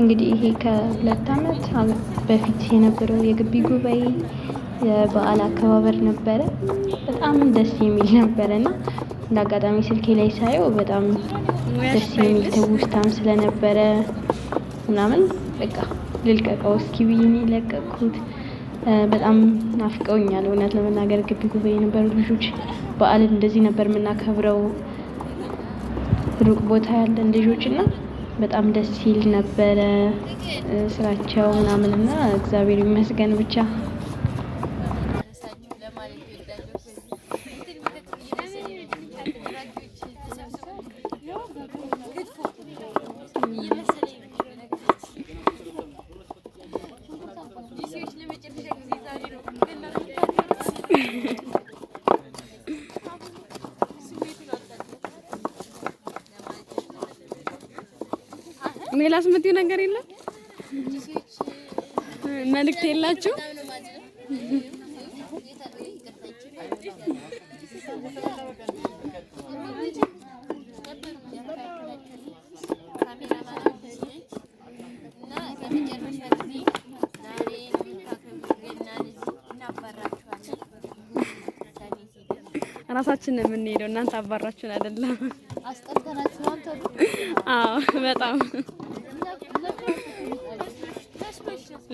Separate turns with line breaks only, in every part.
እንግዲህ
ይሄ ከሁለት ዓመት በፊት የነበረው የግቢ ጉባኤ የበዓል አከባበር ነበረ። በጣም ደስ የሚል ነበረ እና እንደ አጋጣሚ ስልኬ ላይ ሳየው በጣም ደስ የሚል ትውስታም ስለነበረ ምናምን በቃ ልልቀቀው እስኪ ብዬ ነው በጣም ናፍቀውኛል እውነት ለመናገር ግቢ ጉባኤ የነበሩት ልጆች በዓልን እንደዚህ ነበር የምናከብረው ሩቅ ቦታ ያለን ልጆች እና በጣም ደስ ሲል ነበረ ስራቸው ምናምን እና እግዚአብሔር ይመስገን ብቻ
ሌላስ የምትይው ነገር የለም? መልእክት የላችሁ? ራሳችን ነው የምንሄደው። እናንተ አባራችሁን አይደለም። አዎ በጣም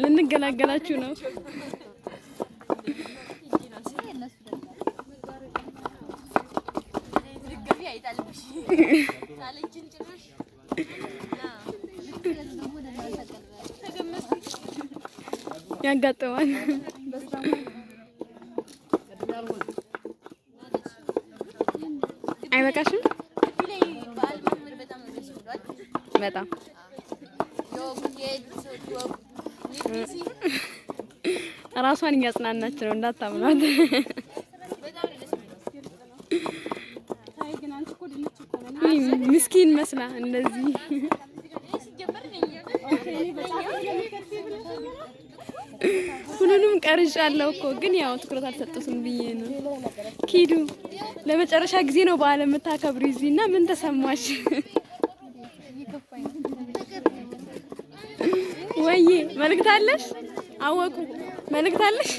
ልንገላገላችሁ ነው። ያጋጥማል። አይበቃሽም? በጣም ራሷን እያጽናናች ነው እንዳታምናት። ምስኪን መስላ እንደዚህ ሁሉንም ቀርጫለሁ እኮ ግን ያው ትኩረት አልሰጡትም ብዬ ነው። ኪዱ ለመጨረሻ ጊዜ ነው በዓለም የምታከብሪ እዚህ እና ምን ተሰማሽ? እማዬ መልእክት አለሽ? አወቁ መልእክት አለሽ?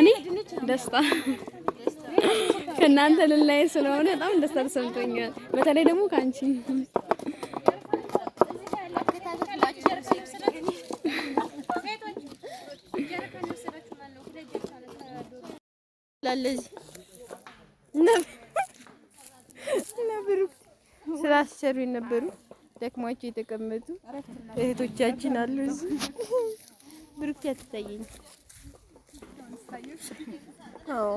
እኔ ደስታ ከእናንተ ልላይ ስለሆነ በጣም ደስታ ተሰምቶኛል። በተለይ ደግሞ ከአንቺ አለ እዚህ ነበሩ። ስራ ሲሰሩ የነበሩ ደክሟቸው የተቀመጡ እህቶቻችን አሉ እዚህ። ብሩክቲ አትታየኝ። አዎ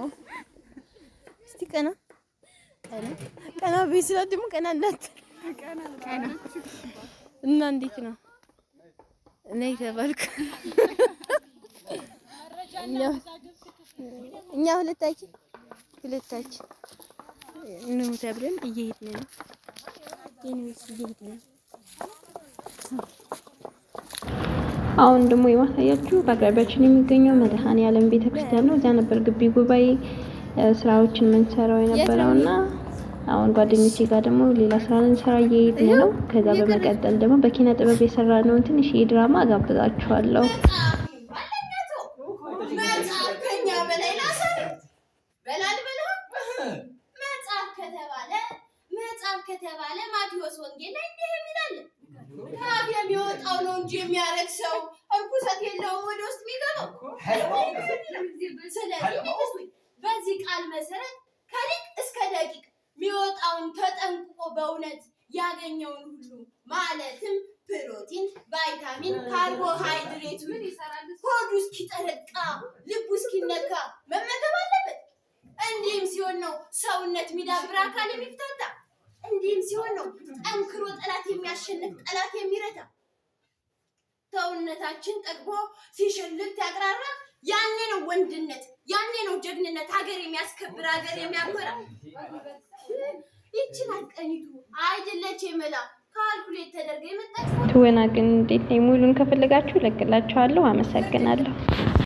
እስቲ ቀና ቀና ቀና ቤስላ ደግሞ ቀና እናት እና እንዴት ነው? እኔ ተባልኩ እኛ ሁለታችን ሁለታችን እንሙት አብረን እየሄድን ነው። እንሙት እየሄድን ነው።
አሁን ደግሞ የማሳያችሁ በአቅራቢያችን የሚገኘው መድኃኔ ዓለም ቤተክርስቲያን ነው። እዚያ ነበር ግቢ ጉባኤ ስራዎችን የምንሰራው የነበረውና አሁን ጓደኞቼ ጋር ደግሞ ሌላ ስራ ልንሰራ እየሄድን ነው። ከዛ በመቀጠል ደግሞ በኪነ ጥበብ የሰራነውን ትንሽ ድራማ አጋብዛችኋለሁ። ከተባለ መጽሐፍ ከተባለ ማቴዎስ ወንጌል ላይ እንዲህ የሚላል ከአፍ የሚወጣው ነው እንጂ የሚያረግ ሰው እርኩሰት የለውም ወደ ውስጥ የሚገባው። ስለዚህ በዚህ ቃል መሰረት ከሊቅ እስከ ደቂቅ የሚወጣውን ተጠንቅቆ በእውነት ያገኘውን ሁሉ ማለትም ፕሮቲን፣ ቫይታሚን፣ ካርቦሃይድሬቱን ሆዱ እስኪጠረቃ ልቡ እስኪነካ መመገባ እንዲህም ሲሆን ነው ሰውነት የሚዳብር አካል የሚፍታታ። እንዲህም ሲሆን ነው ጠንክሮ ጠላት የሚያሸንፍ ጠላት የሚረታ። ሰውነታችን ጠግቦ ሲሸልት ያቅራራ። ያኔ ነው ወንድነት፣ ያኔ ነው ጀግንነት። ሀገር የሚያስከብር ሀገር የሚያኮራ ይችን አቀኒቱ አይደለች የመላ ካልኩሌት ተደርገ ትወና ግን እንዴት ነው? ሙሉን ከፈለጋችሁ እለቅላችኋለሁ። አመሰግናለሁ።